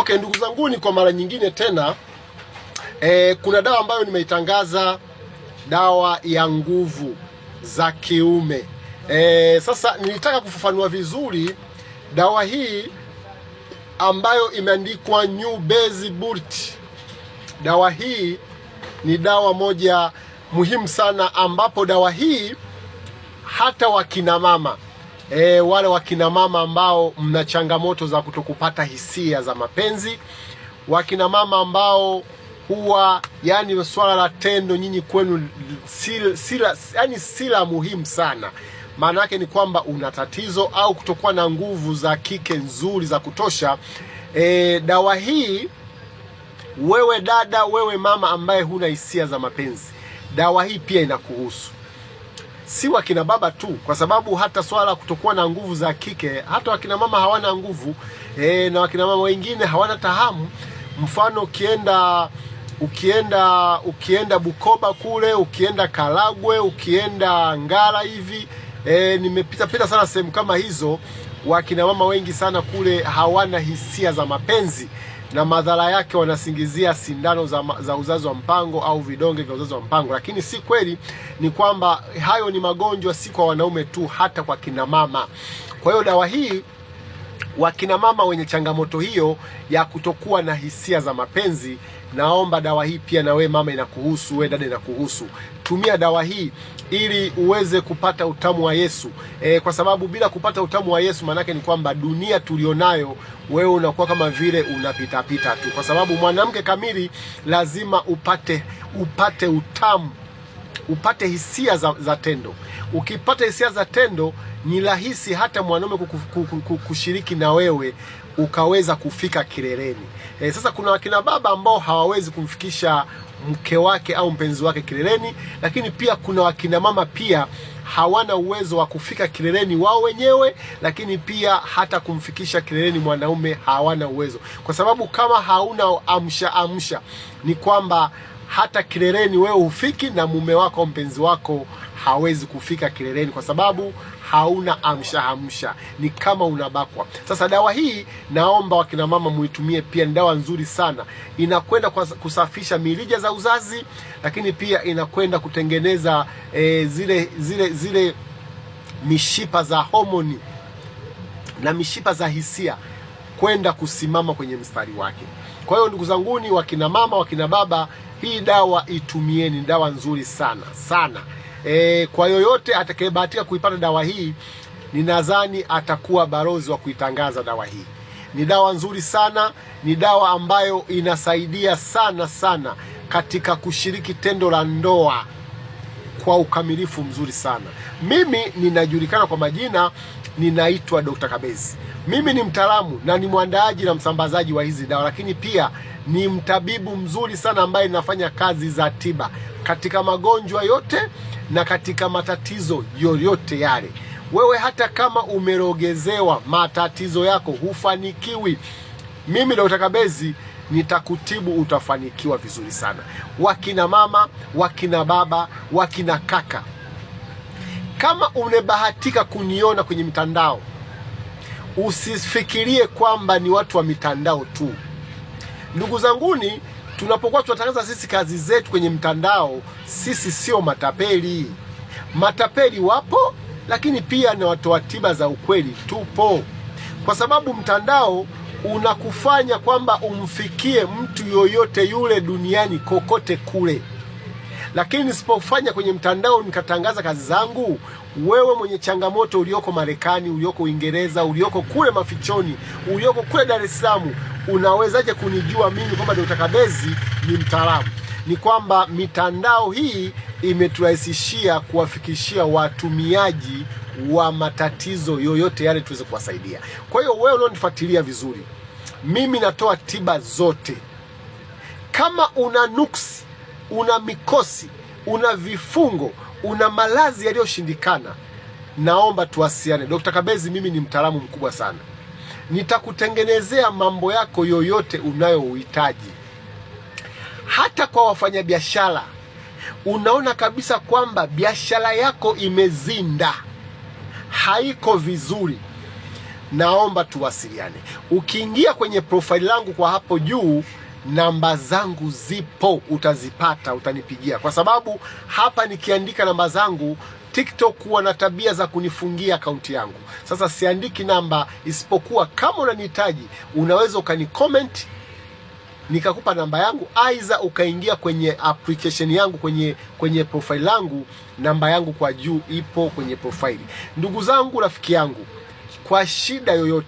Okay, ndugu zanguni, kwa mara nyingine tena e, kuna dawa ambayo nimeitangaza, dawa ya nguvu za kiume e, sasa nilitaka kufafanua vizuri dawa hii ambayo imeandikwa New Base Boost. Dawa hii ni dawa moja muhimu sana, ambapo dawa hii hata wakina mama e, wale wakinamama ambao mna changamoto za kutokupata hisia za mapenzi, wakinamama ambao huwa yani swala la tendo nyinyi kwenu si, si, yani si la muhimu sana. Maana yake ni kwamba una tatizo au kutokuwa na nguvu za kike nzuri za kutosha. E, dawa hii wewe dada, wewe mama ambaye huna hisia za mapenzi, dawa hii pia inakuhusu si wakina baba tu, kwa sababu hata swala kutokuwa na nguvu za kike, hata wakina mama hawana nguvu e, na wakina mama wengine hawana tahamu. Mfano ukienda ukienda ukienda Bukoba kule, ukienda Karagwe, ukienda Ngara hivi e, nimepita pita sana sehemu kama hizo, wakina mama wengi sana kule hawana hisia za mapenzi na madhara yake wanasingizia sindano za, za uzazi wa mpango au vidonge vya uzazi wa mpango, lakini si kweli. Ni kwamba hayo ni magonjwa si kwa wanaume tu, hata kwa kina mama. Kwa hiyo dawa hii wakina mama wenye changamoto hiyo ya kutokuwa na hisia za mapenzi naomba dawa hii pia na wewe mama inakuhusu, wewe dada inakuhusu. Tumia dawa hii ili uweze kupata utamu wa Yesu e, kwa sababu bila kupata utamu wa Yesu maanake ni kwamba dunia tulionayo, wewe unakuwa kama vile unapitapita tu, kwa sababu mwanamke kamili lazima upate upate utamu, upate hisia za, za tendo. Ukipata hisia za tendo, ni rahisi hata mwanaume kushiriki na wewe ukaweza kufika kileleni. E, sasa kuna wakina baba ambao hawawezi kumfikisha mke wake au mpenzi wake kileleni, lakini pia kuna wakina mama pia hawana uwezo wa kufika kileleni wao wenyewe, lakini pia hata kumfikisha kileleni mwanaume hawana uwezo, kwa sababu kama hauna amsha amsha, ni kwamba hata kileleni wewe hufiki na mume wako au mpenzi wako hawezi kufika kileleni, kwa sababu hauna amsha hamsha, ni kama unabakwa. Sasa dawa hii naomba wakina mama muitumie pia, ni dawa nzuri sana, inakwenda kusafisha mirija za uzazi, lakini pia inakwenda kutengeneza e, zile zile zile mishipa za homoni na mishipa za hisia kwenda kusimama kwenye mstari wake. Kwa hiyo ndugu zanguni, wakina mama, wakina baba, hii dawa itumieni, dawa nzuri sana sana. E, kwa yoyote atakayebahatika kuipata dawa hii, ninadhani atakuwa balozi wa kuitangaza dawa hii. Ni dawa nzuri sana, ni dawa ambayo inasaidia sana sana katika kushiriki tendo la ndoa kwa ukamilifu mzuri sana. Mimi ninajulikana kwa majina, ninaitwa Dr. Kabezi. Mimi ni mtaalamu na ni mwandaaji na msambazaji wa hizi dawa, lakini pia ni mtabibu mzuri sana ambaye nafanya kazi za tiba katika magonjwa yote na katika matatizo yoyote yale. Wewe hata kama umerogezewa, matatizo yako hufanikiwi, mimi Dr. Kabezi nitakutibu utafanikiwa vizuri sana. Wakina mama, wakina baba, wakina kaka, kama umebahatika kuniona kwenye mitandao, usifikirie kwamba ni watu wa mitandao tu, ndugu zanguni tunapokuwa tunatangaza sisi kazi zetu kwenye mtandao, sisi sio matapeli. Matapeli wapo, lakini pia na watoa tiba za ukweli tupo, kwa sababu mtandao unakufanya kwamba umfikie mtu yoyote yule duniani kokote kule. Lakini nisipofanya kwenye mtandao nikatangaza kazi zangu, wewe mwenye changamoto ulioko Marekani, ulioko Uingereza, ulioko kule mafichoni, ulioko kule Dar es Salaam, unawezaje kunijua mimi kwamba Dr. Kabezi ni mtaalamu? Ni kwamba mitandao hii imeturahisishia kuwafikishia watumiaji wa matatizo yoyote yale tuweze kuwasaidia. Kwa hiyo wewe unaonifuatilia vizuri, mimi natoa tiba zote. Kama una nuksi, una mikosi, una vifungo, una malazi yaliyoshindikana, naomba tuwasiliane. Dr. Kabezi, mimi ni mtaalamu mkubwa sana nitakutengenezea mambo yako yoyote unayouhitaji. Hata kwa wafanyabiashara, unaona kabisa kwamba biashara yako imezinda, haiko vizuri, naomba tuwasiliane. Ukiingia kwenye profaili langu kwa hapo juu namba zangu zipo, utazipata, utanipigia, kwa sababu hapa nikiandika namba zangu TikTok kuwa na tabia za kunifungia akaunti yangu. Sasa siandiki namba, isipokuwa kama unanihitaji unaweza ukanikomenti nikakupa namba yangu, aidha ukaingia kwenye application yangu kwenye kwenye profile yangu, namba yangu kwa juu ipo kwenye profile. Ndugu zangu, rafiki yangu, kwa shida yoyote